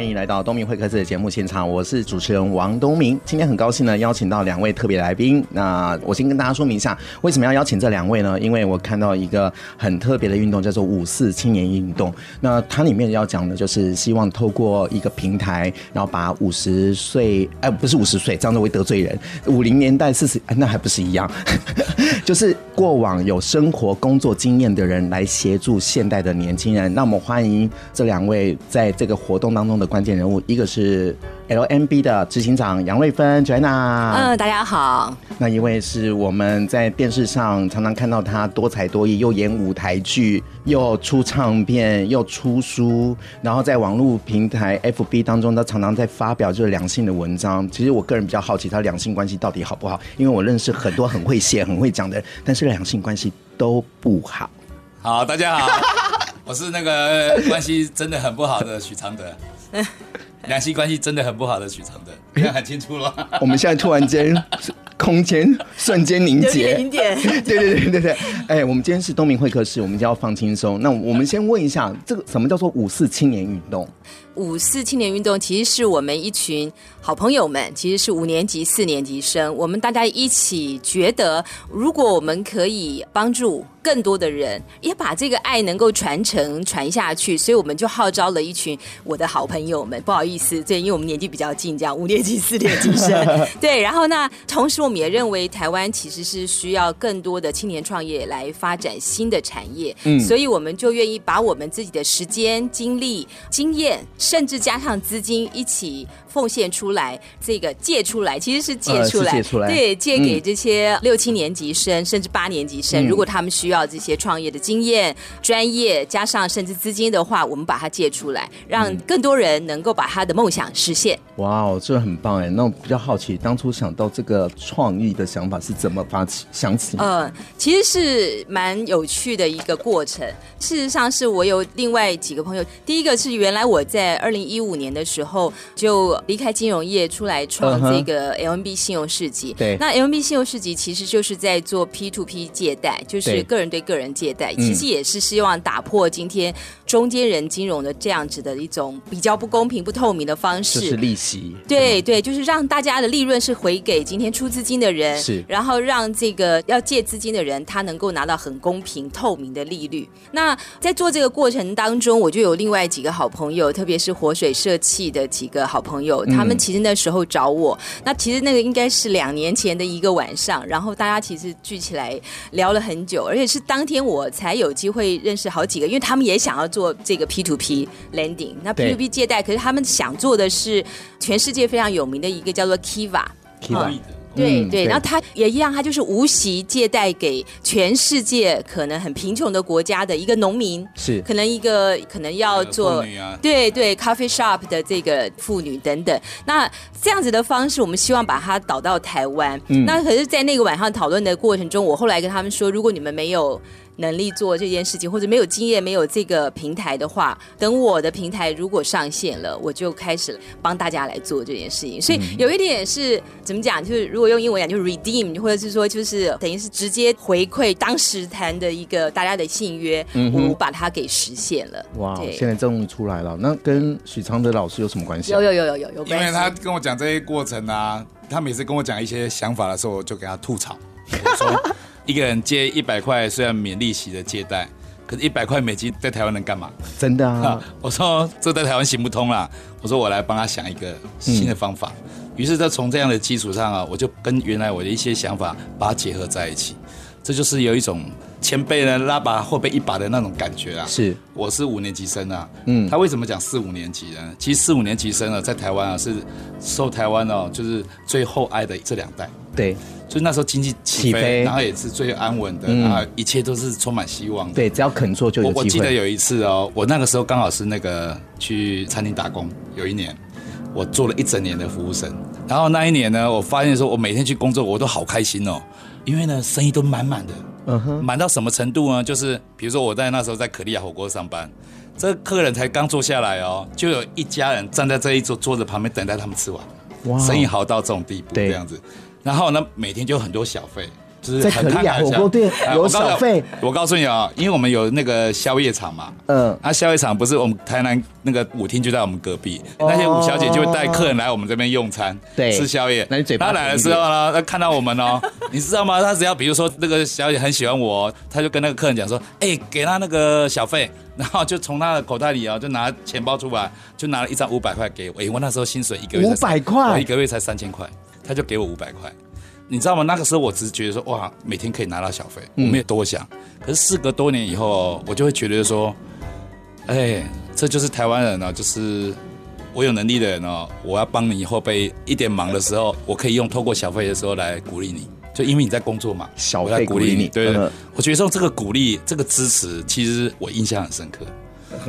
歡迎來到東明會客室的節目現場，我是主持人王東明。今天很高興呢，邀請到兩位特別來賓。那我先跟大家說明一下，為什麼要邀請這兩位呢？因為我看到一個很特別的運動，叫做五四青年運動。那它裡面要講的就是希望透過一個平台，然後把五十歲，哎，不是五十歲，這樣子會得罪人。五零年代四十，哎，那還不是一樣？ 就是過往有生活工作經驗的人來協助現代的年輕人。那我們歡迎這兩位在這個活動當中的。關鍵人物，一個是 LMB 的執行長楊瑞芬 Jenna，n 嗯，大家好。那一位是我們在電視上常常，常看到他多才多藝，又演舞台劇，又出唱片，又出書，然後在網絡平台 FB 當中，他常常在發表這兩性的文章。其實我個人比較好奇，他兩性關係到底好不好？因為我認識很多很會寫、很會講的人，但是兩性關係都不好。好，大家好， 我是那個關係真的很不好的許常德。 兩性關係真的很不好的許常德，你看很清楚了。 我們現在突然間， 空間瞬間凝結，凝結 點。 對,對對對對對。哎、欸，我們今天是東明會客室，我們就要放輕鬆。那我們先問一下， 這個什麼叫做五四青年運動？五四青年運動其實是我們一群好朋友們，其實是五年級、四年級生，我們大家一起覺得，如果我們可以幫助更多的人，也把這個愛能夠傳承、傳下去，所以我們就號召了一群我的好朋友們。不好意思，這因為我們年紀比較近，這樣五年級、四年級生，對。然後呢，同時，我們也認為台灣其實是需要更多的青年創業來發展新的產業，嗯，所以我們就願意把我們自己的時間、精力、經驗。甚至加上資金一起，奉獻出來，這個借出來其實是借出來，呃、借出來對，借給這些六七年級生，嗯、甚至八年級生，嗯、如果他們需要這些創業的經驗、嗯、專業，加上甚至資金的話，我們把它借出來，讓更多人能夠把他的夢想實現。嗯、哇哦，這很棒哎！那我比較好奇，當初想到這個創意的想法是怎麼發起、想起？嗯、呃，其實是蠻有趣的一個過程。事實上，是我有另外幾個朋友，第一個是原來我在二零一五年的時候就。離開金融業出來創這個 LNB 信用市集，對、uh，huh. 那 LNB 信用市集其實就是在做 P to P 借貸，就是個人對個人借貸，其實也是希望打破今天中間人金融的這樣子的一種比較不公平、不透明的方式，是利息，對對，就是讓大家的利潤是回給今天出資金的人，是，然後讓這個要借資金的人他能夠拿到很公平、透明的利率。那在做這個過程當中，我就有另外幾個好朋友，特別是活水社企的幾個好朋友。嗯、他們其實那時候找我，那其實那個應該是兩年前的一個晚上，然後大家其實聚起來聊了很久，而且是當天我才有機會認識好幾個，因為他們也想要做這個 P to P lending，那 P to P 借貸，對可是他們想做的是全世界非常有名的一個叫做 Kiva，Kiva iva。嗯。對對，然後、嗯、他也一樣，他就是無息借貸給全世界可能很貧窮的國家的一個農民，是可能一個可能要做、呃啊、對對咖啡 shop 的這個婦女等等。那這樣子的方式，我們希望把他導到台灣。嗯、那可是，在那個晚上討論的過程中，我後來跟他們說，如果你們沒有。能力做這件事情，或者沒有經驗、沒有這個平台的話，等我的平台如果上線了，我就開始幫大家來做這件事情。所以有一點是怎麼講？就是如果用英文講，就是 redeem，或者是說就是等於是直接回饋當時談的一個大家的信約，嗯哼，我把它給實現了。哇，現在終於出來了，那跟許常德老師有什麼關係？有有有有有有關係，因為他跟我講這些過程啊，他每次跟我講一些想法的時候，我就給他吐槽。一個人借一百塊，雖然免利息的借貸，可是一百塊美金在台灣能幹嘛？真的啊！啊我說這在台灣行不通了。我說我來幫他想一個新的方法。於、嗯、是，在從這樣的基礎上啊，我就跟原來我的一些想法把它結合在一起。這就是有一種前輩呢拉拔後輩一把的那種感覺啊。是，我是五年級生啊。嗯。他為什麼講四五年級呢？其實四五年級生啊，在台灣啊是受台灣哦、啊、就是最厚愛的這兩代。對，就那時候經濟起飛，起飛然後也是最安穩的，啊、嗯，然後一切都是充滿希望的。對，只要肯做就有機會。我，我記得有一次哦，我那個時候剛好是那個去餐廳打工，有一年我做了一整年的服務生，然後那一年呢，我發現說，我每天去工作我都好開心哦，因為呢，生意都滿滿的，嗯哼，滿到什麼程度呢？就是比如說我在那時候在可利亞火鍋上班，這客人才剛坐下來哦，就有一家人站在這一桌桌子旁邊等待他們吃完，哇，Wow, 生意好到這種地步對，這樣子。然後呢，每天就很多小費，就是很開火鍋店有小費，哎。我告訴你啊，哦，因為我們有那個宵夜場嘛，嗯，啊宵夜場不是我們台南那個舞廳就在我們隔壁，哦，那些舞小姐就會帶客人來我們這邊用餐，對，吃宵夜。她，他來的時候呢，他看到我們哦， 你知道嗎？他只要比如說那個小姐很喜歡我，他就跟那個客人講說，哎，欸，給他那個小費，然後就從他的口袋裡啊就拿錢包出來，就拿了一張五百塊給我。哎，欸，我那時候薪水一個月五百塊，我一個月才三千塊。他就給我五百塊，你知道嗎？那個時候我只是覺得說哇，每天可以拿到小費，我沒有多想。可是事隔多年以後，我就會覺得說，哎，這就是台灣人啊，就是我有能力的人哦，我要幫你以後被一點忙的時候，我可以用透過小費的時候來鼓勵你，就因為你在工作嘛，小費鼓勵你。對，我覺得說這個鼓勵，這個支持，其實我印象很深刻，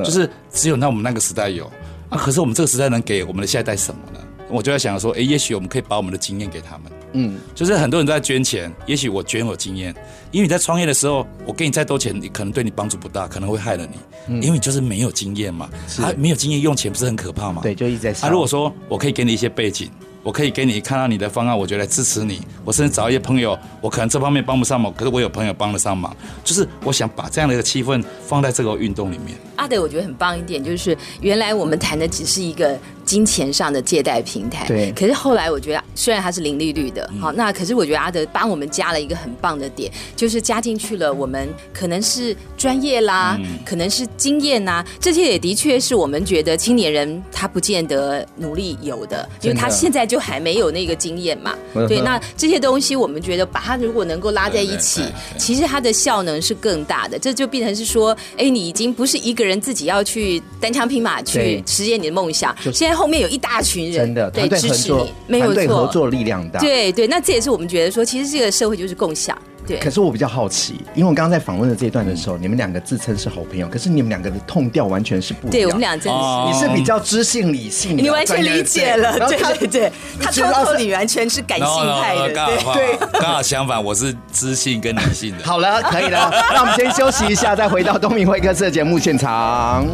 就是只有那我們那個時代有啊。可是我們這個時代能給我們的下一代什麼呢？我就在想說，哎、欸，也許我們可以把我們的經驗給他們。嗯，就是很多人都在捐錢，也許我捐我經驗，因為你在創業的時候，我給你再多錢，你可能對你幫助不大，可能會害了你，嗯、因為你就是沒有經驗嘛。他是、啊、沒有經驗，用錢不是很可怕嗎？對，就一直在想。他、啊、如果說我可以給你一些背景，我可以給你看到你的方案，我就來支持你。我甚至找一些朋友，我可能這方面幫不上忙，可是我有朋友幫得上忙。就是我想把這樣的一個氣氛放在這個運動裡面。阿德、啊，我覺得很棒一點，就是原來我們談的只是一個。金錢上的借貸平台，對。可是後來我覺得，雖然它是零利率的，好、嗯、那可是我覺得阿德幫我們加了一個很棒的點，就是加進去了我們可能是專業啦，嗯、可能是經驗吶，這些也的確是我們覺得青年人他不見得努力有的，的因為他現在就還沒有那個經驗嘛。呵呵對，那這些東西我們覺得把它如果能夠拉在一起，對對對對對其實它的效能是更大的，這就變成是說，哎，你已經不是一個人自己要去單槍匹馬去實現你的夢想，現後面有一大群人，真的對，團隊合作，沒有錯，團隊合作力量大。對對，那這也是我們覺得說，其實這個社會就是共享。對。可是我比較好奇，因為我剛剛在訪問的這一段的時候，你們兩個自稱是好朋友，可是你們兩個的痛調完全是不一樣，對，我們倆真是。你是比較知性、理性的，你完全理解了。對對對，他通透，你，完全是感性派的。對，剛好相反，我是知性跟理性的。好了，可以了，那我們先休息一下，再回到東明會客室這節目現場。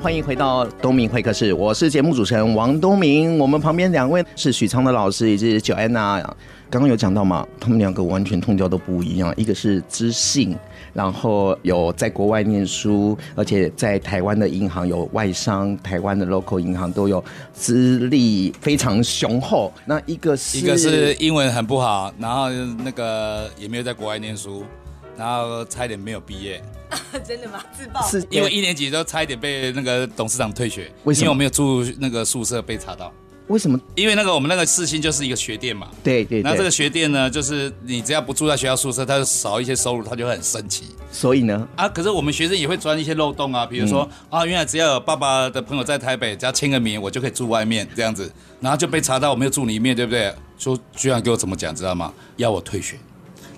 歡迎回到東明會客室，我是節目主持人王東明。我們旁邊兩位是許常德老師，以及 Joanna。剛剛有講到嘛，他們兩個完全通交都不一樣，一個是知性，然後有在國外念書，而且在台灣的銀行有外商，台灣的 local 銀行都有資歷非常雄厚。那一個是，一個是英文很不好，然後那個也沒有在國外念書，然後差一點沒有畢業。啊，真的嗎？自爆是因為一年級的時候差一點被那個董事長退學，為什麼？因為我沒有住那個宿舍被查到。為什麼？因為那個我們那個世新就是一個學店嘛，對對，對。那這個學店呢，就是你只要不住在學校宿舍，他就少一些收入，他就很生氣。所以呢？啊，可是我們學生也會鑽一些漏洞啊，比如說啊，原來只要有爸爸的朋友在台北，只要簽個名，我就可以住外面這樣子，然後就被查到我沒有住裡面，對不對？說居然給我怎麼講，知道嗎？要我退學，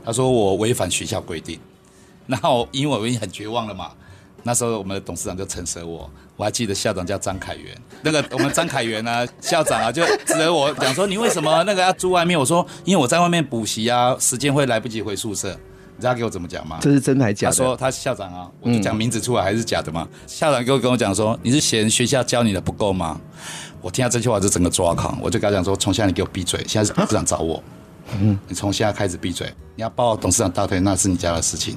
他說我違反學校規定。然後因為我已經很絕望了嘛，那時候我們的董事長就成全我。我還記得校長叫張凱源，那個我們張凱源啊， 校長啊就指着我講說：“你為什麼那個要、啊、住外面？”我說：“因為我在外面補習啊，時間會來不及回宿舍。”你知道他給我怎麼講嗎？這是真的還是假的？他說他是校長啊，我就講名字出來還是假的嘛、嗯、校長給我跟我講說：“你是嫌學校教你的不夠嗎？”我聽到這句話是整個抓狂，我就跟他講說：“從現在你給我閉嘴！現在是董事長找我，嗯、你從現在開始閉嘴！你要抱董事長大腿那是你家的事情。”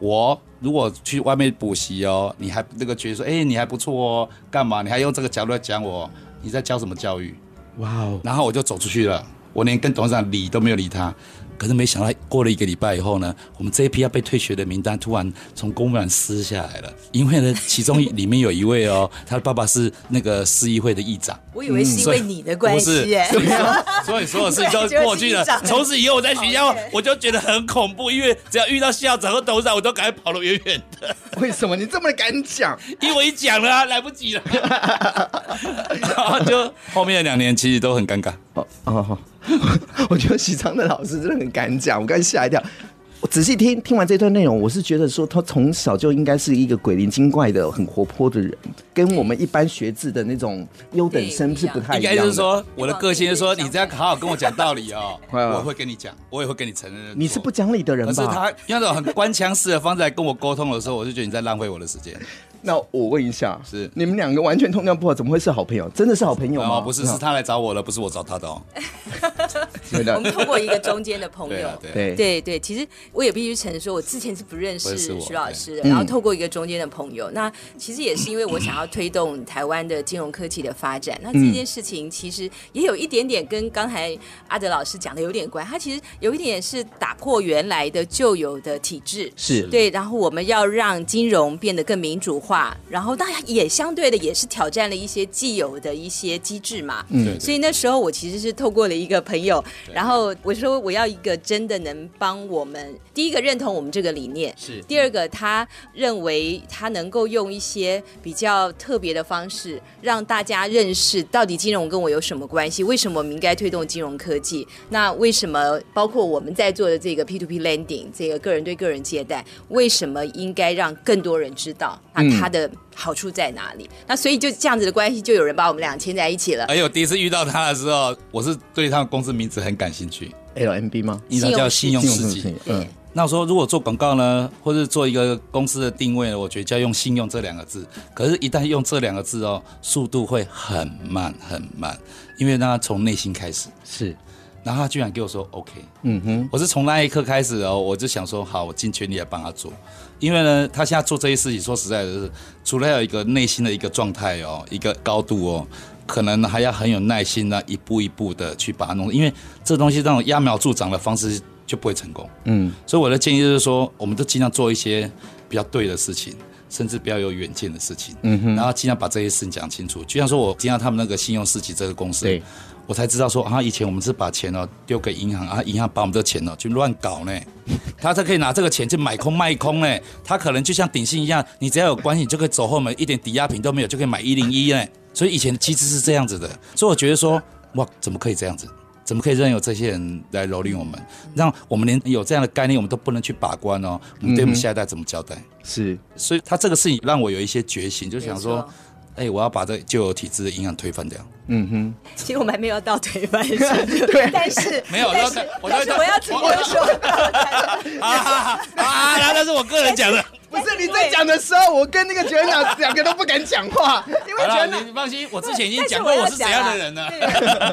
我如果去外面補習哦，你還那個覺得說，哎，你還不錯哦，幹嘛？你還用這個角度來講我？你在教什麼教育？哇！Wow. 然後我就走出去了，我連跟董事長理都沒有理他。可是沒想到，過了一個禮拜以後呢，我們這一批要被退學的名單突然從公然撕下來了。因為呢，其中裡面有一位哦， 他的爸爸是那個市議會的議長。我以為是因為你的關係、嗯。所以所有事情都過去了。從此以後我在學校， Okay. 我就覺得很恐怖，因為只要遇到校長和董事長，我都趕快跑得遠遠的。 為什麼你這麼敢講？ 因為一講了、啊、來不及了。就後面兩年其實都很尷尬。好，好好。 我覺得許常德的老師真的很敢講，我剛才嚇一跳。我仔細聽聽完這段內容，我是覺得說他從小就應該是一個鬼靈精怪的、很活潑的人，跟我們一般學制的那種優等生是不太一樣的。應該就是說，我的個性就是說，你這樣好好跟我講道理哦， 啊、我會跟你講，我也會跟你承認，你是不講理的人吧。可是他用那種很官腔式的方式來跟我溝通的時候，我就覺得你在浪費我的時間。那我問一下，是你們兩個完全同樣不好，怎麼會是好朋友？真的是好朋友嗎？啊、不是，後是他來找我了，不是我找他的哦。 的 我們透過一個中間的朋友，對、啊、對、啊、對、對，其實我也必須承認，說我之前是不認識許老師，對然後透過一個中間的朋友，嗯、那其實也是因為我想要推動台灣的金融科技的發展。嗯、那這件事情其實也有一點點跟剛才阿德老師講的有點關，他其實有一點點是打破原來的舊有的體制，是對，然後我們要讓金融變得更民主。話，然後當然也相對的也是挑戰了一些既有的一些機制嘛。嗯。所以那時候我其實是透過了一個朋友，然後我說我要一個真的能幫我們，第一個認同我們這個理念，是第二個他認為他能夠用一些比較特別的方式讓大家認識到底金融跟我有什麼關係，為什麼我們應該推動金融科技？那為什麼包括我們在做的這個 P to P lending 這個個人對個人借貸，為什麼應該讓更多人知道？它的好處在哪裡？那所以就這樣子的關係，就有人把我們倆牽在一起了。哎呦，我第一次遇到他的時候，我是對他的公司名字很感興趣。LnB 嗎？一種叫信用市集。嗯，那我說如果做廣告呢，或是做一個公司的定位，我覺得就要用“信用”這兩個字。可是，一旦用這兩個字哦，速度會很慢很慢，因為它從內心開始是。然後他居然給我說 OK，嗯哼，我是從那一刻開始哦，我就想說好，我盡全力來幫他做，因為呢，他現在做這些事情，說實在的、就是，是除了有一個內心的一個狀態哦，一個高度哦，可能還要很有耐心呢，一步一步的去把它弄，因為這東西這種揠苗助長的方式就不會成功，嗯，所以我的建議就是說，我們都盡量做一些比較對的事情，甚至比較有遠見的事情，嗯哼，然後盡量把這些事情講清楚，就像說我經常他們那個信用市集這個公司，對我才知道說啊，以前我們是把錢哦丟給銀行啊，銀行把我們這錢呢去亂搞呢、欸，他才可以拿這個錢去買空賣空呢、欸，他可能就像頂新一樣，你只要有關係就可以走後門，一點抵押品都沒有就可以買一零一呢。所以以前的機制是這樣子的，所以我覺得說哇，怎麼可以這樣子，怎麼可以任由這些人來蹂躪我們，讓我們連有這樣的概念我們都不能去把關哦、喔，我們對我們下一代怎麼交代？嗯、是，所以他這個事情讓我有一些覺醒，就想說。哎、欸，我要把這舊有體制的營養推翻掉。嗯哼，其實我們還沒有到推翻的階段， 對但是沒有，但是我要直接我要自己說，啊，那是我個人講的是。 你在講的時候，我跟那個主長兩個都不敢講話，因為好了，你放心，我之前已經講過我是怎樣的人了。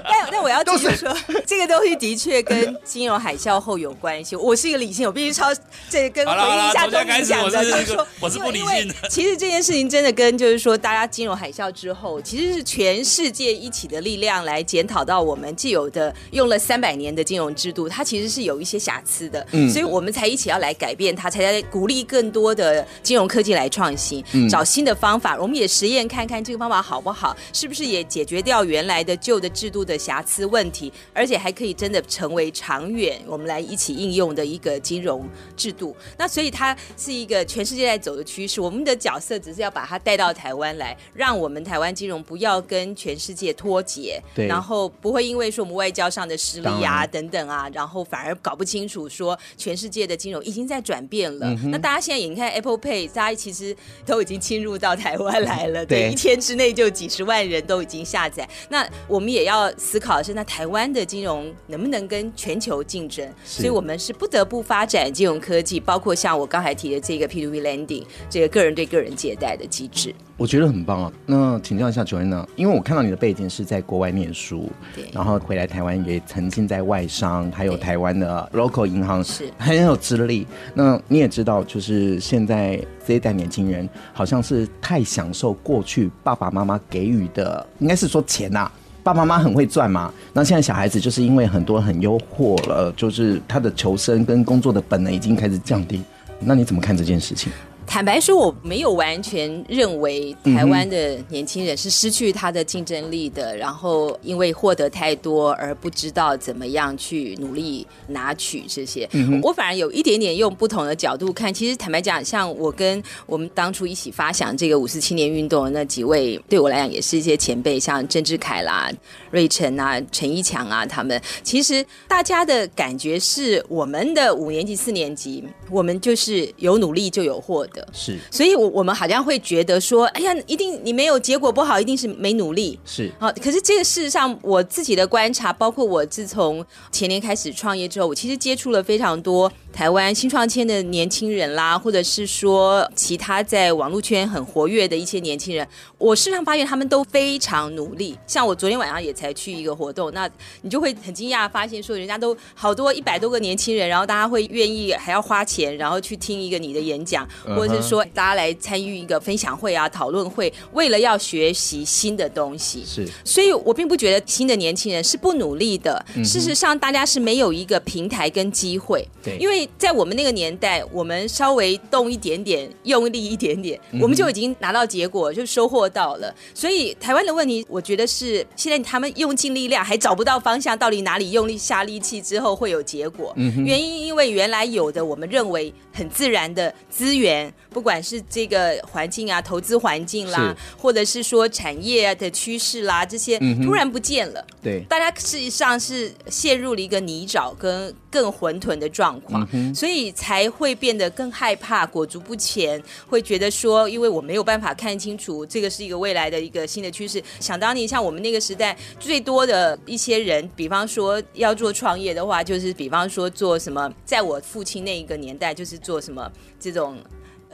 但但我要都說，這個東西的確跟金融海嘯後有關係。我是一個理性，我必須超這跟回應一下。大不敢想的就是說，我是不理性的。其實這件事情真的跟就是說，大家金融海嘯之後，其實是全世界一起的力量來檢討到我們既有的用了三百年的金融制度，它其實是有一些瑕疵的。所以我們才一起要來改變它，才在鼓勵更多的。金融科技來創新，嗯、找新的方法，我們也實驗看看這個方法好不好，是不是也解決掉原來的舊的制度的瑕疵問題，而且還可以真的成為長遠我們來一起應用的一個金融制度。那所以它是一個全世界在走的趨勢，我們的角色只是要把它帶到台灣來，讓我們台灣金融不要跟全世界脫節，對，然後不會因為說我們外交上的失利啊然等等啊，然後反而搞不清楚說全世界的金融已經在轉變了。嗯、哼那大家現在也看 Apple Pay。對，大家其實都已經侵入到台灣來了，對，對，一天之內就幾十萬人都已經下載。那我們也要思考的是，那台灣的金融能不能跟全球競爭？是所以，我們是不得不發展金融科技，包括像我剛才提的這個 P2P Lending 這個個人對個人借貸的機制，我覺得很棒啊。那請教一下主任呢，因為我看到你的背景是在國外念書，對，然後回來台灣也曾經在外商對還有台灣的 local 銀行是很有資歷。那你也知道，就是現在。這一代年輕人好像是太享受過去爸爸媽媽給予的，應該是說錢吶啊，爸爸媽媽很會賺嘛。那現在小孩子就是因為很多很誘惑了，就是他的求生跟工作的本能已經開始降低。那你怎麼看這件事情？坦白說，我沒有完全認為台灣的年輕人是失去他的競爭力的，嗯、哼然後因為獲得太多而不知道怎麼樣去努力拿取這些。嗯、哼我反而有一點點用不同的角度看，其實坦白講，像我跟我們當初一起發想這個五四青年運動的那幾位，對我來講也是一些前輩，像鄭志凱啦、啊、瑞晨啊、陳一強啊，他們其實大家的感覺是，我們的五年級、四年級，我們就是有努力就有獲得。是，所以我我們好像會覺得說，哎呀，一定你沒有結果不好，一定是沒努力。是，啊，可是這個事實上，我自己的觀察，包括我自從前年開始創業之後，我其實接觸了非常多台灣新創圈的年輕人啦，或者是說其他在網絡圈很活躍的一些年輕人，我事實上發現他們都非常努力。像我昨天晚上也才去一個活動，那你就會很驚訝發現說，人家都好多一百多個年輕人，然後大家會願意還要花錢，然後去聽一個你的演講，我、嗯。就是說，大家來參與一個分享會啊、討論會，為了要學習新的東西。是，所以我並不覺得新的年輕人是不努力的。嗯哼。事實上，大家是沒有一個平台跟機會。對，因為在我們那個年代，我們稍微動一點點，用力一點點，嗯哼。我們就已經拿到結果，就收穫到了。所以台灣的問題，我覺得是現在他們用盡力量，還找不到方向，到底哪裡用力下力氣之後會有結果？嗯哼。原因因為原來有的，我們認為。很自然的資源。不管是這個環境啊，投資環境啦，是或者是說產業的趨勢啦，這些突然不見了，嗯、對，大家事實上是陷入了一個泥沼，跟更混沌的狀況，嗯、哼所以才會變得更害怕裹足不前，會覺得說，因為我沒有辦法看清楚這個是一個未來的一個新的趨勢。想當年，像我們那個時代，最多的一些人，比方說要做創業的話，就是比方說做什麼，在我父親那一個年代，就是做什麼這種。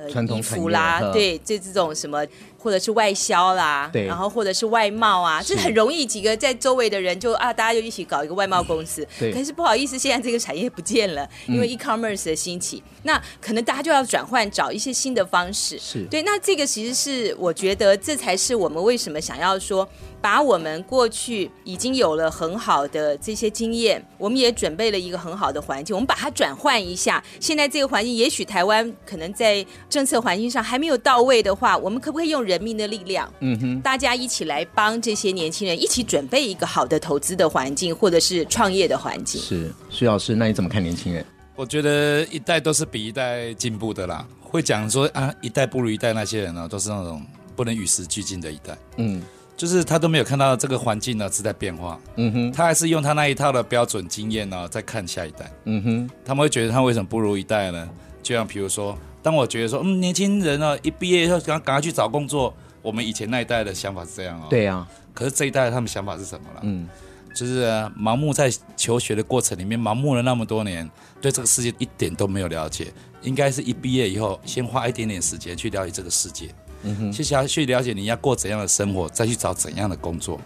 傳統服啦，對，就這種什麼，或者是外銷啦，對然後或者是外貿啊，就是很容易幾個在周圍的人就啊，大家就一起搞一個外貿公司。對，對，可是不好意思，現在這個產業不見了，因為 e-commerce 的興起，嗯，那可能大家就要轉換，找一些新的方式。是，對，那這個其實是我覺得這才是我們為什麼想要說，把我們過去已經有了很好的這些經驗，我們也準備了一個很好的環境，我們把它轉換一下。現在這個環境也許台灣可能在政策環境上還沒有到位的話，我們可不可以用人？人民的力量，嗯哼，大家一起來幫這些年輕人一起準備一個好的投資的環境，或者是創業的環境。是，許老師，那你怎麼看年輕人？我覺得一代都是比一代進步的啦。會講說啊，一代不如一代，那些人呢、哦、都是那種不能與時俱進的一代。嗯，就是他都沒有看到這個環境呢是在變化。嗯哼，他還是用他那一套的標準經驗呢在看下一代。嗯哼，他們會覺得他為什麼不如一代呢？就像比如說。但我覺得說，嗯，年輕人呢、哦，一畢業以後趕趕快去找工作。我們以前那一代的想法是這樣、哦、對啊。對呀。可是這一代他們想法是什麼了？嗯，就是盲目在求學的過程裡面盲目了那麼多年，對這個世界一點都沒有了解。應該是一畢業以後，先花一點點時間去了解這個世界。嗯哼。接下來要去了解你要過怎樣的生活，再去找怎樣的工作，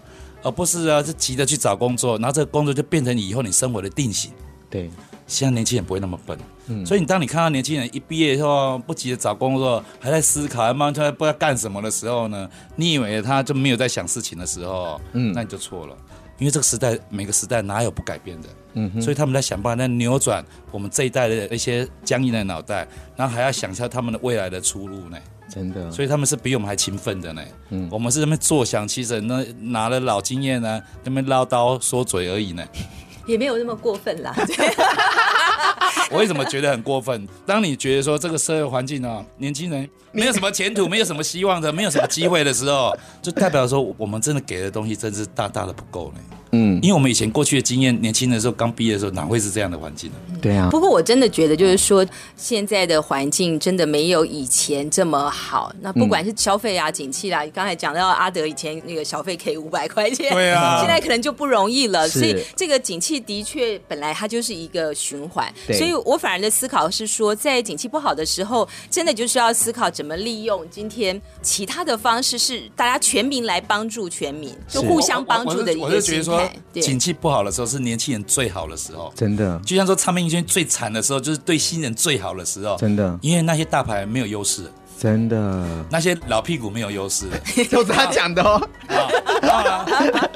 而不是啊，是急着去找工作，然後這個工作就變成你以後你生活的定型。對。現在年輕人不會那麼笨。嗯、所以你當你看到年輕人一畢業以後不急着找工作，還在思考，還慢吞不知道幹什麼的時候呢？你以為他就沒有在想事情的時候？嗯，那你就錯了。因為這個時代，每個時代哪有不改變的？嗯哼，所以他們在想辦法在扭轉我們這一代的一些僵硬的腦袋，然後還要想象他們的未來的出路呢。真的，所以他們是比我們還勤奮的呢。嗯，我們是那邊坐享其成，那拿了老經驗呢，那麼嘮叨說嘴而已呢。 也沒有那麼過分啦。 我為什麼覺得很過分？當你覺得說這個社會環境呢、啊，年輕人沒有什麼前途，沒有什麼希望的，沒有什麼機會的時候，就代表說我們真的給的東西真是大大的不夠呢。嗯，因為我們以前過去的經驗，年輕的時候剛畢業的時候，哪會是這樣的環境呢、啊？對啊。不過我真的覺得，就是說現在的環境真的沒有以前這麼好。那不管是消費啊、嗯、景氣啦、啊，你剛才講到阿德以前那個小費可以五百塊錢，對啊，現在可能就不容易了。是所以這個景氣的確本來它就是一個循環，對所以我反而的思考是說，在景氣不好的時候，真的就是要思考怎麼利用今天其他的方式，是大家全民來幫助全民，是就互相幫助的一個。我我我景氣不好的時候是年輕人最好的時候，真的。就像說唱片業最慘的時候就是對新人最好的時候，真的。因為那些大牌沒有優勢，真的。那些老屁股沒有優勢， 都是他講的哦。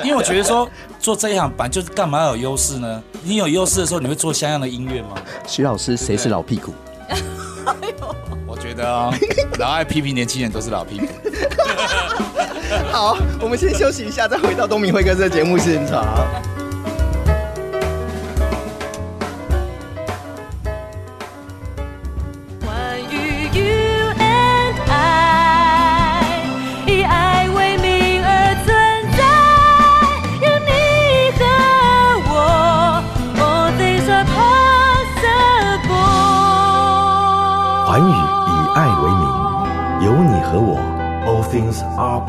因為我覺得說做這一行，本就是幹嘛要有優勢呢？你有優勢的時候，你會做像樣的音樂嗎？徐老師，對對，誰是老屁股？我覺得啊、哦， 老愛批評年輕人都是老屁股。 好，我們先休息一下，再回到東明輝哥這個節目現場。All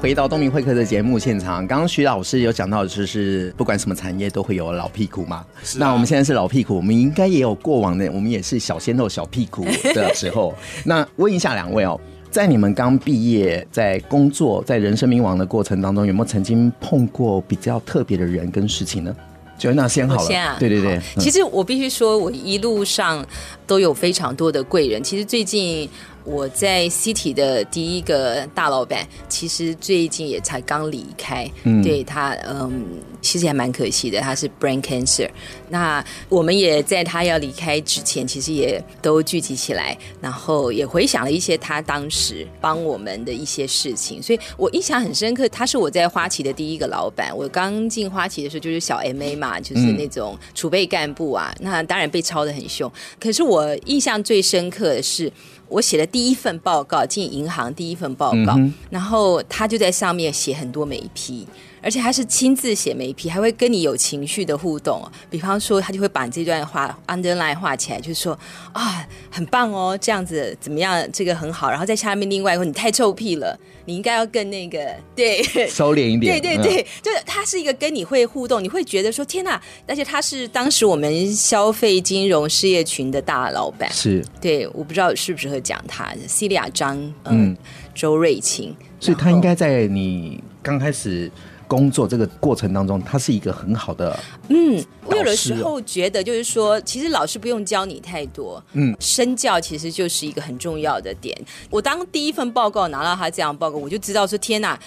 回到東明會客的節目現場，剛剛許老師有講到，就是不管什麼產業都會有老屁股嘛。啊、那我們現在是老屁股，我們應該也有過往的，我們也是小鮮肉、小屁股的時候。 那問一下兩位哦。在你們剛畢業、在工作、在人生迷惘的過程當中，有沒有曾經碰過比較特別的人跟事情呢？就那先好了，先啊、對對對。好嗯、其實我必須說，我一路上都有非常多的貴人。其實最近。我在 City 的第一個大老板，其實最近也才剛離開，嗯、對他，嗯，其實還蠻可惜的，他是 brain cancer。那我們也在他要離開之前，其實也都聚集起來，然後也回想了一些他當時幫我們的一些事情。所以我印象很深刻，他是我在花旗的第一個老板。我剛進花旗的時候就是小 MA 嘛，就是那種儲備幹部啊，嗯、那當然被抄得很凶。可是我印象最深刻的是。我寫了第一份報告，進銀行第一份報告，嗯、哼然後他就在上面寫很多眉批。而且他是親自寫眉批，還會跟你有情緒的互動。比方說，他就會把你這段話 underline 畫起來，就是說啊，很棒哦，這樣子怎麼樣？這個很好。然後在下面另外一個，你太臭屁了，你應該要更那個對，收斂一點。 對對對，嗯、就他是一個跟你會互動，你會覺得說天哪，啊！而且他是當時我們消費金融事業群的大老闆。是對，我不知道適不適合講他，Celia 張，嗯，周瑞琴，所以他應該在你剛開始。工作這個過程當中，他是一個很好的導師哦，嗯，我有的時候覺得就是說，其實老師不用教你太多，嗯，身教其實就是一個很重要的點。我當第一份報告拿到他這樣報告，我就知道說，天哪！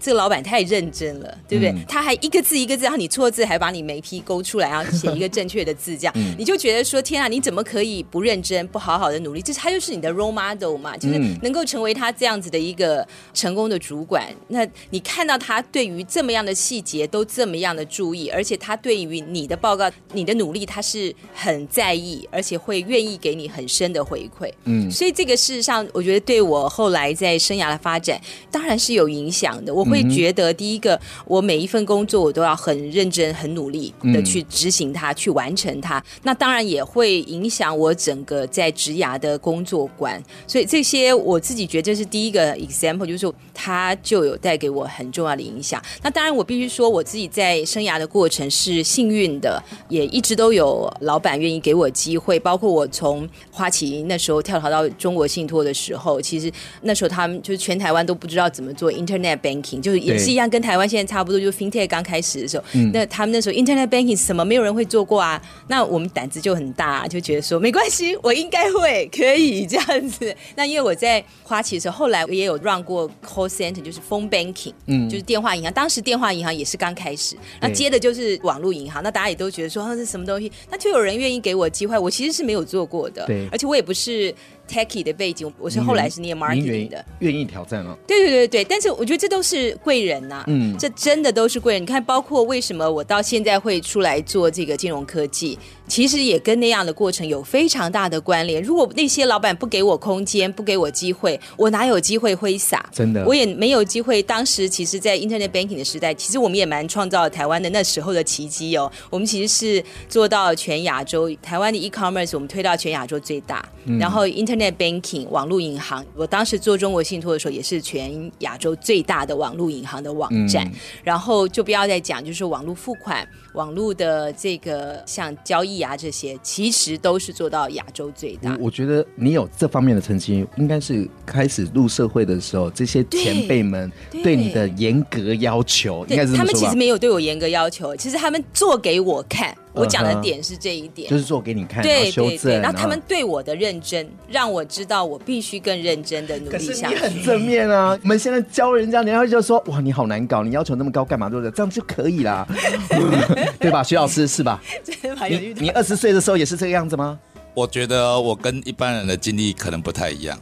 這個老闆太認真了，對不對？嗯、他還一個字一個字，然後你錯字還把你眉批勾出來，然後寫一個正確的字，這樣、嗯、你就覺得說：天啊，你怎麼可以不認真、不好好的努力？這就他就是你的 role model 嘛，就是能夠成為他這樣子的一個成功的主管。嗯、那你看到他對於這麼樣的細節都這麼樣的注意，而且他對於你的報告、你的努力，他是很在意，而且會願意給你很深的回饋。嗯，所以這個事實上，我覺得對我後來在生涯的發展當然是有影響的。我會覺得第一個，我每一份工作我都要很認真、很努力的去執行它、嗯、去完成它。那當然也會影響我整個在職涯的工作觀。所以這些我自己覺得這是第一個 example，就是它就有帶給我很重要的影響。那當然我必須說，我自己在生涯的過程是幸運的，也一直都有老闆願意給我機會。包括我從花旗那時候跳槽到中國信托的時候，其實那時候他們就是全台灣都不知道怎麼做 Internet Banking。就是也是一樣，跟台灣現在差不多，對就是 FinTech 剛開始的時候，嗯、那他們那時候 Internet Banking 什麼沒有人會做過啊，那我們膽子就很大、啊，就覺得說沒關係，我應該會可以這樣子。那因為我在花旗的時候，後來我也有 run 過 Call Center，就是 Phone Banking，嗯，就是電話銀行。當時電話銀行也是剛開始，那接的就是網絡銀行，那大家也都覺得說啊，這是什麼東西？那就有人願意給我機會，我其實是沒有做過的，對，而且我也不是。Techy 的背景，我是後來是念 marketing 的，願意挑戰嗎？對對對對對，但是我覺得這都是貴人呐、啊，嗯，這真的都是貴人。你看，包括為什麼我到現在會出來做這個金融科技。其實也跟那樣的過程有非常大的關聯。如果那些老闆不給我空間，不給我機會，我哪有機會揮灑？真的，我也沒有機會。當時其實，在 Internet Banking 的時代，其實我們也蠻創造台灣的那時候的奇蹟哦。我們其實是做到全亞洲台灣的 E-commerce，我們推到全亞洲最大。嗯，然後 Internet Banking 網絡銀行，我當時做中國信託的時候，也是全亞洲最大的網絡銀行的網站。嗯，然後就不要再講，就是說網絡付款、網絡的這個像交易。這些其實都是做到亞洲最大。嗯，我覺得你有這方面的成績，應該是開始入社會的時候，這些前輩們對你的嚴格要求。對應該是這麼說吧？對，他們其實沒有對我嚴格要求，其實他們做給我看。我講的點是這一點，uh huh. 就是做給你看，對，修正對對對。然後那他們對我的認真，讓我知道我必須更認真的努力下去。可是你很正面啊！我們現在教人家，人家就說：“哇，你好難搞，你要求那麼高，幹嘛做的對不對？這樣就可以啦。」 對吧？”許老師是吧？ 嗎你你二十歲的時候也是這個樣子嗎？我覺得我跟一般人的經歷可能不太一樣，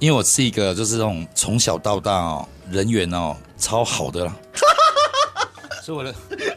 因為我是一個就是這種從小到大哦，人緣哦超好的啦。所以我的，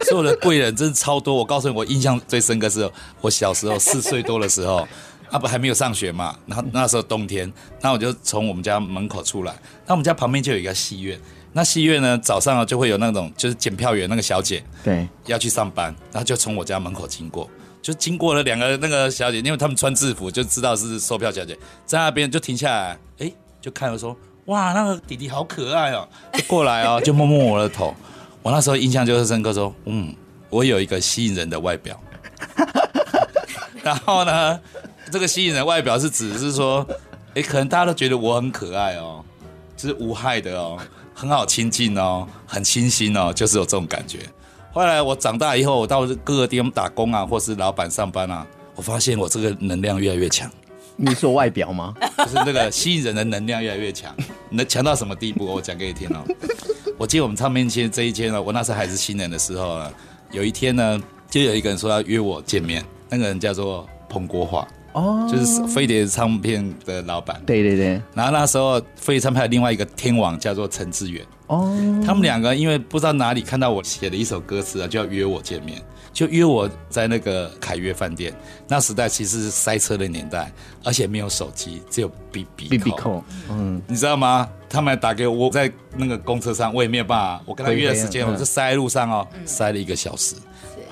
所以我的貴人真是超多。我告訴你，我印象最深刻的是，我小時候四歲多的時候，阿不還沒有上學嘛。然後那時候冬天，那我就從我們家門口出來，那我們家旁邊就有一個戲院。那戲院呢，早上就會有那種就是檢票員那個小姐，對，要去上班，然後就從我家門口經過，就經過了兩個那個小姐，因為他們穿制服就知道是售票小姐，在那邊就停下來，哎、欸，就看了說，哇，那個弟弟好可愛哦，就過來哦，就摸摸我的頭。我那時候印象就是深刻，說，嗯，我有一個吸引人的外表， 然後呢，這個吸引人外表是指是說，哎，可能大家都覺得我很可愛哦，就是無害的哦，很好親近哦，很清新哦，就是有這種感覺。後來我長大以後，我到各個地方打工啊，或是老闆上班啊，我發現我這個能量越來越強。你說外表嗎？就是那個吸引人的能量越來越強，能強到什麼地步？我講給你聽哦。我記得我們唱片界這一天，呢，我那時候還是新人的時候呢，有一天呢，就有一個人說要約我見面，那個人叫做彭國華，哦，就是飛碟唱片的老闆。對對對。然後那時候飛碟唱片的另外一個天王叫做陳志遠，哦，他們兩個因爲不知道哪裡看到我寫的一首歌詞啊，就要約我見面，就約我在那個凱悅飯店。那時代其實是塞車的年代，而且沒有手機，只有 BB、BB Call，嗯，你知道嗎？他們來打給我，我在那個公車上，我也沒有辦法。我跟他約了時間，我是塞在路上哦，塞了一個小時。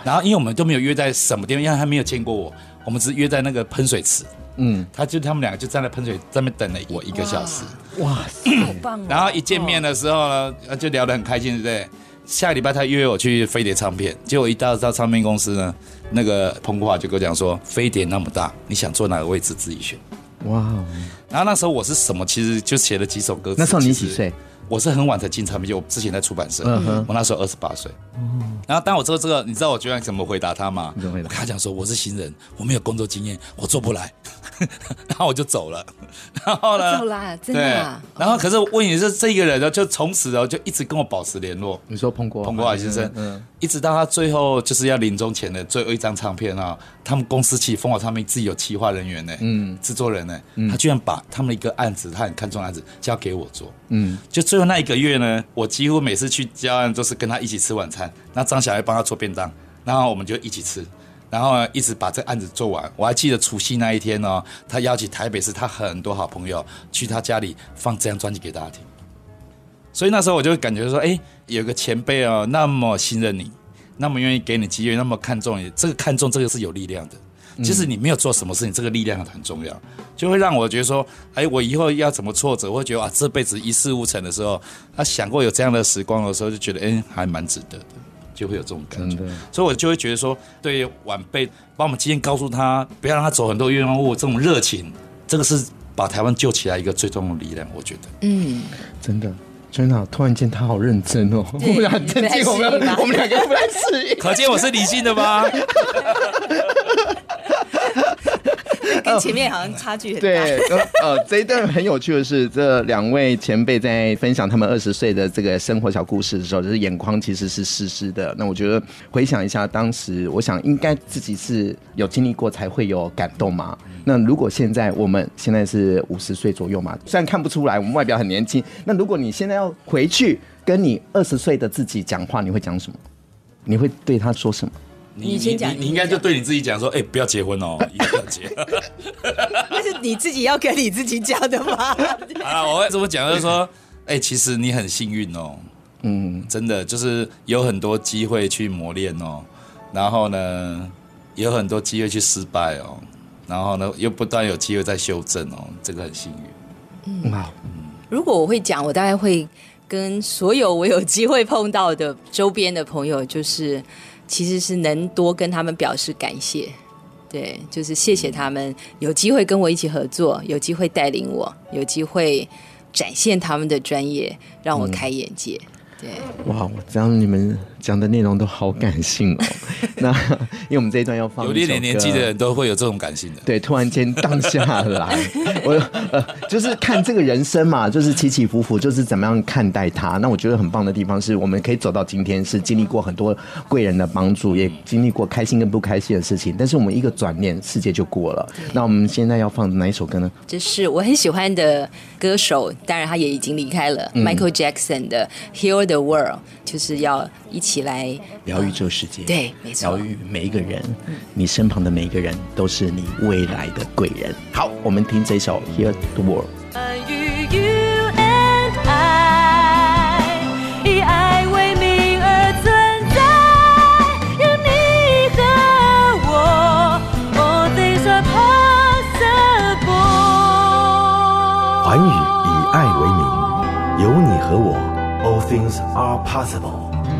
然後因為我們都沒有約在什麼地方，因為他沒有見過我，我們只是約在那個噴水池。嗯，他就他們兩個就站在噴水池上面等了我一個小時。哇，好棒！然後一見面的時候呢，就聊得很開心，對不對？下個禮拜他約我去飛碟唱片，結果一到到唱片公司呢，那個彭國華就跟我講說，飛碟那麼大，你想坐哪個位置自己選。哇。然後那時候我是什麼？其實就寫了幾首歌，那時候你幾歲？我是很晚才進唱片，就我之前在出版社，嗯、我那時候二十八歲，然後當我做這個，你知道我居然怎麼回答他嗎？我跟他講說我是新人，我沒有工作經驗，我做不來，嗯、 然後我就走了。然後呢？走真的，啊。然後可是問你是這一個人，就從此然後就一直跟我保持聯絡。你說彭國華，啊，彭國華啊，先生，啊，嗯，對一直到他最後就是要臨終前的最後一張唱片啊，他們公司起豐華唱片自己有企劃人員呢，欸，嗯，製作人呢，欸，他居然把他們一個案子，他很看重的案子，交給我做，嗯，就最。那一個月呢，我幾乎每次去教案，都是跟他一起吃晚餐，那張小愛幫他做便當，然後我們就一起吃，然後呢，一直把這案子做完。我還記得除夕那一天呢、哦，他邀請台北市他很多好朋友去他家裡放這張專輯給大家聽，所以那時候我就感覺說，哎、欸，有個前輩哦，那麼信任你，那麼願意給你機會，那麼看重你，這個看重這個是有力量的。其實你沒有做什麼事情，這個力量很重要，就會讓我覺得說，哎，我以後要怎麼挫折，我會覺得啊這輩子一事無成的時候，他、啊、想過有這樣的時光的時候，就覺得哎，還蠻值得的，就會有這種感覺。的所以我就會覺得說，對於晚輩，把我們今天告訴他，不要讓他走很多冤枉路，這種熱情，這個是把台灣救起來一個最重要的力量，我覺得。嗯，真的，真的，突然間他好認真哦，突然我們我們兩個不適應， 可見我是理性的吧。 前面好像差距很大。 對，呃，這一段很有趣的是，這兩位前輩在分享他們二十歲的這個生活小故事的時候，就是眼眶其實是濕濕的。那我覺得回想一下當時，我想應該自己是有經歷過，才會有感動嘛。那如果現在我們現在是五十歲左右嘛，雖然看不出來我們外表很年輕，那如果你現在要回去跟你二十歲的自己講話，你會講什麼？你會對他說什麼？你你你應該就對你自己講說，哎、欸，不要結婚哦，不要結。那是你自己要跟你自己講的嗎？啊，我會這麼講？就是說，哎、 欸，其實你很幸運哦，嗯，真的就是有很多機會去磨練哦，然後呢，有很多機會去失敗哦，然後呢，又不斷有機會在修正哦，這個很幸運。嗯好，嗯，嗯，如果我會講，我大概會跟所有我有機會碰到的周邊的朋友，就是。其實是能多跟他們表示感謝，對，就是謝謝他們有機會跟我一起合作，有機會帶領我，有機會展現他們的專業，讓我開眼界。嗯、對，哇，我只你們。講的內容都好感性哦， 那因為我們這一段要放一首歌，有一點年紀的人都會有這種感性的，對，突然間盪下來， 我、呃、就是看這個人生嘛，就是起起伏伏，就是怎麼樣看待它。那我覺得很棒的地方是，我們可以走到今天，是經歷過很多貴人的幫助，也經歷過開心跟不開心的事情，但是我們一個轉念，世界就過了。 那我們現在要放哪一首歌呢？就是我很喜歡的歌手，當然他也已經離開了，Michael Jackson 的《Heal the World》，嗯、就是要一起。起來療癒這個世界，嗯、對，療癒、啊、每一個人。嗯、你身旁的每一個人都是你未來的貴人。好，我們聽這首《Here the World》。You and I, 以愛為名而存在，有你和我，All things are possible。環宇以愛為名，有你和我，All things are possible。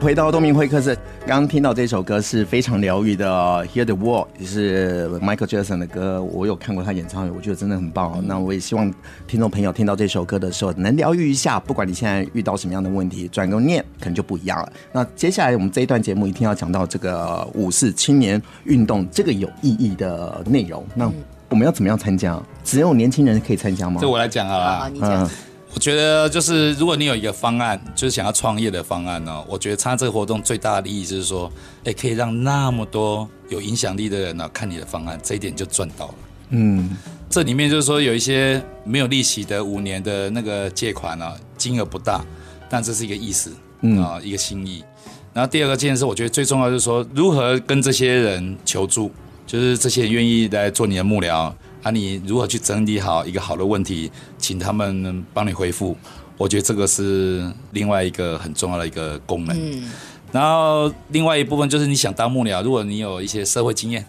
回到東明會客室，剛剛聽到這首歌是非常療癒的《Heal the World》，也是 Michael Jackson 的歌。我有看過他的演唱會，我覺得真的很棒。嗯、那我也希望聽眾朋友聽到這首歌的時候能療癒一下，不管你現在遇到什麼樣的問題，轉個念可能就不一樣了。那接下來我們這一段節目一定要講到這個五四青年運動這個有意義的內容。那我們要怎麼樣參加？只有年輕人可以參加嗎？這我來講啊，你講。嗯我覺得就是，如果你有一個方案，就是想要創業的方案呢，我覺得參加這個活動最大的利益就是說，哎，可以讓那麼多有影響力的人呢看你的方案，這一點就賺到了。嗯，這裡面就是說有一些沒有利息的五年的那個借款呢，金額不大，但這是一個意思啊，嗯、一個心意。然後第二個建議是，我覺得最重要就是說，如何跟這些人求助，就是這些人願意來做你的幕僚。啊，你如何去整理好一個好的問題，請他們幫你回復？我覺得這個是另外一個很重要的一個功能。嗯，然後另外一部分就是你想當幕僚，如果你有一些社會經驗，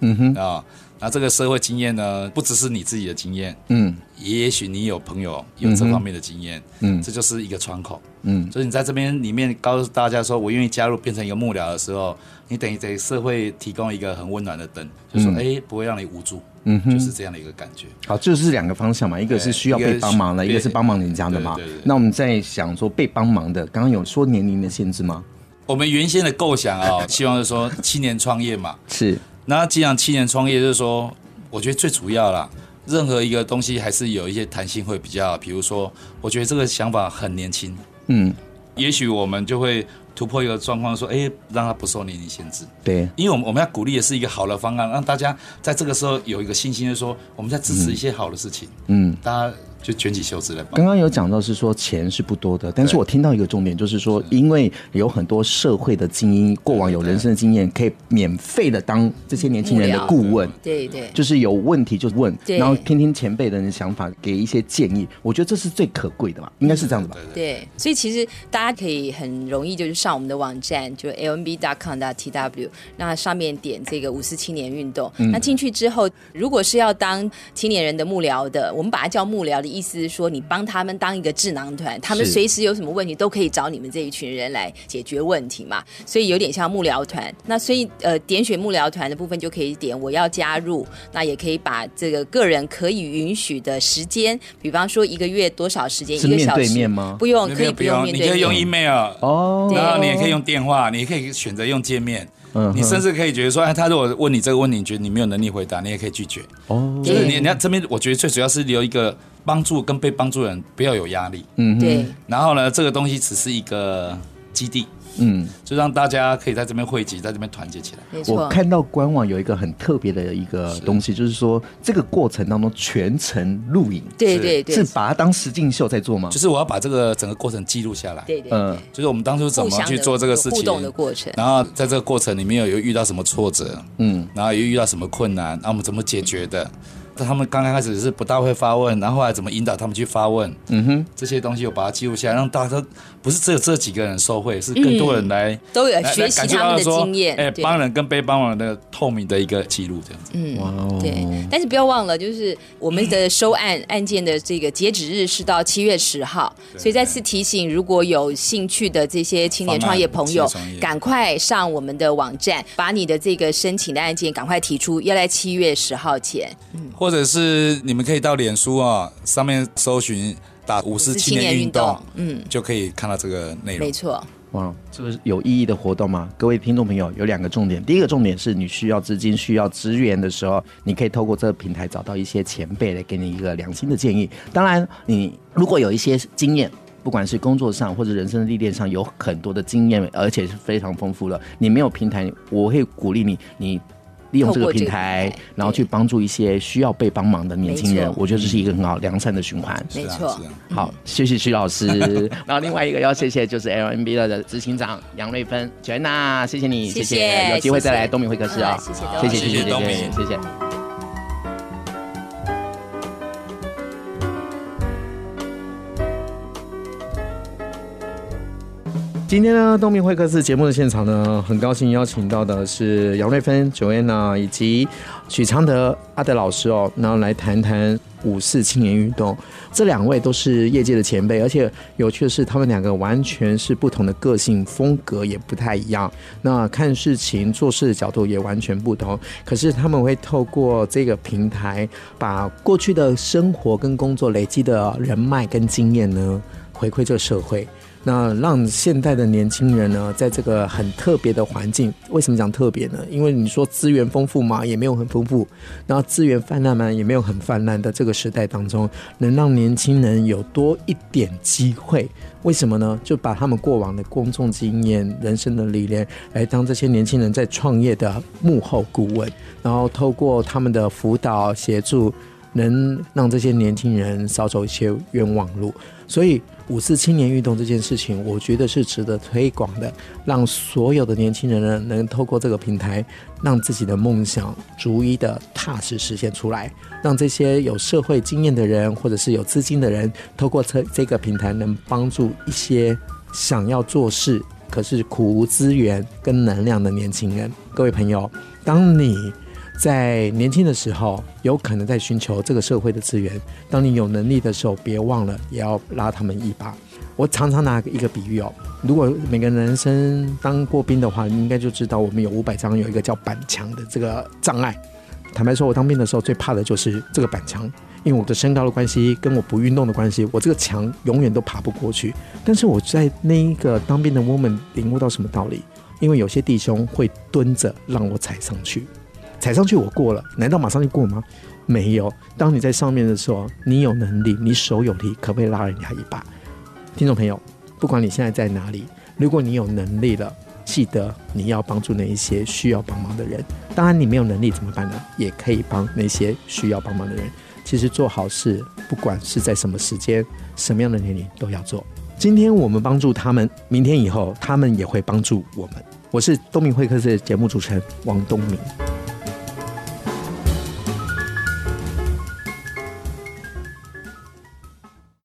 嗯哼啊。嗯那這個社會經驗呢，不只是你自己的經驗，嗯，也許你有朋友有這方面的經驗，嗯，這就是一個窗口，嗯，所以你在這邊裡面告訴大家說，我願意加入變成一個幕僚的時候，你等於給社會提供一個很溫暖的燈，就說哎，不會讓你無助，嗯，就是這樣的一個感覺。好，就是兩個方向嘛，一個是需要被幫忙的，一個是幫忙人家的嘛。那我們在想說被幫忙的，剛剛有說年齡的限制嗎？我們原先的構想啊，希望是說青年創業嘛，是。那既然七年創業，就是說，我覺得最主要啦，任何一個東西還是有一些彈性會比較，比如說，我覺得這個想法很年輕，嗯，也許我們就會突破一個狀況，說，誒、欸，讓它不受年齡限制，對，因為我們我們要鼓勵也是一個好的方案，讓大家在這個時候有一個信心就是說，說我們在支持一些好的事情，嗯，嗯大家，就捲起袖子來。剛剛有講到是說，錢是不多的，嗯、但是我聽到一個重點對就是說，因為有很多社會的精英過往有人生的經驗，可以免費的當這些年輕人的顧問。對對，就是有問題就問，對然後聽聽前輩的人想法，給一些建議。對我覺得這是最可貴的嘛，對應該是這樣子吧。對，所以其實大家可以很容易就是上我們的網站，就是、lmb.com.tw，那上面點這個五四青年運動。嗯、那進去之後，如果是要當青年人的幕僚的，我們把它叫幕僚的。意思是說，你幫他們當一個智囊團，他們隨時有什麼問題都可以找你們這一群人來解決問題嘛，所以有點像幕僚團。那所以呃，點選幕僚團的部分就可以點我要加入，那也可以把這個個人可以允許的時間，比方說一個月多少時間？一個小時，面對面嗎？不用，可以不用，你可以用 email 哦，那你也可以用電話，你也可以選擇用見面。你甚至可以覺得說，哎、啊，他如果問你這個問題，你覺得你沒有能力回答，你也可以拒絕。就是對你，你要這邊，我覺得最主要是留一個幫助跟被幫助的人不要有壓力。嗯，對。然後呢，這個東西只是一個基地。嗯，就讓大家可以在這邊匯集，在這邊团結起來。我看到官網有一個很特別的一個東西，是就是說這個過程當中全程錄影，對對對，是,是把它當實境秀在做嗎？就是我要把這個整個過程記錄下來，對對，嗯，就是我們當初怎麼去做這個事情，的,的過程。然後在這個過程裡面有有遇到什麼挫折，嗯，然後又遇到什麼困難，那我們怎麼解決的？他們剛開始是不大會發問，然後,後來怎麼引導他們去發問？嗯哼，這些東西我把它記錄下來，讓大家。不是只有這幾個人受惠，是更多人來都有學習他們的經驗，哎，幫人跟被幫人的透明的一個記錄這樣子。嗯，哇哦。對，但是不要忘了，就是我們的收案案件的這個截止日是到七月十號，所以再次提醒，如果有興趣的這些青年創業朋友，趕快上我們的網站，把你的這個申請的案件趕快提出，要在七月十號前。或者是你們可以到臉書啊上面搜尋。五四青年運動，嗯，就可以看到這個內容。沒錯錯，哇，這個是有意義的活動嗎？各位聽眾朋友，有兩個重點。第一個重點是，你需要資金、需要資源的時候，你可以透過這個平台找到一些前輩來給你一個良心的建議。當然，你如果有一些經驗，不管是工作上或者人生的歷練上，有很多的經驗，而且是非常豐富的，你沒有平台，我會鼓勵你，你。利用這個平台，然後去幫助一些需要被幫忙的年輕人，我覺得這是一個很好良善的循環。沒錯，好，謝謝許老師，然後另外一個要謝謝就是 LnB 的執行長楊瑞芬，全娜，謝謝你，謝謝，有機會再來東明會客室啊，謝謝，謝謝謝謝謝謝。今天呢，東明會客室節目的現場呢，很高興邀請到的是楊瑞芬、Joanna 呢以及許常德、阿德老師哦、喔，然後來談談五四青年運動。這兩位都是業界的前輩，而且有趣的是，他們兩個完全是不同的個性風格，也不太一樣。那看事情、做事的角度也完全不同。可是他們會透過這個平台，把過去的生活跟工作累積的人脈跟經驗呢，回饋這個社會。那讓現代的年輕人呢，在這個很特別的環境，為什麼講特別呢？因為你說資源豐富嘛，也沒有很豐富；然後資源泛濫嘛，也沒有很泛濫的這個時代當中，能讓年輕人有多一點機會？為什麼呢？就把他們過往的公眾經驗、人生的歷練，來當這些年輕人在創業的幕後顧問，然後透過他們的輔導協助，能讓這些年輕人少走一些冤枉路。所以。五四青年運動這件事情，我覺得是值得推廣的，讓所有的年輕人呢，能透過這個平台，讓自己的夢想逐一的踏實實現出來。讓這些有社會經驗的人，或者是有資金的人，透過這這個平台，能幫助一些想要做事可是苦無資源跟能量的年輕人。各位朋友，當你。在年輕的時候，有可能在尋求這個社會的資源。當你有能力的時候，別忘了也要拉他們一把。我常常拿一個比喻哦，如果每個男生當過兵的話，你應該就知道我們有五百張有一個叫板牆的這個障礙。坦白說，我當兵的時候最怕的就是這個板牆，因為我的身高的關係跟我不運動的關係，我這個牆永遠都爬不過去。但是我在那一個當兵的 woman 領悟到什麼道理？因為有些弟兄會蹲着讓我踩上去。踩上去我過了，難道馬上就過嗎？沒有。當你在上面的時候，你有能力，你手有力，可不可以拉人家一把？聽眾朋友，不管你現在在哪裡，如果你有能力了，記得你要幫助那一些需要幫忙的人。當然，你沒有能力怎麼辦呢？也可以幫那些需要幫忙的人。其實做好事，不管是在什麼時間、什麼樣的年齡，都要做。今天我們幫助他們，明天以後他們也會幫助我們。我是東明會客室的節目主持人王東明。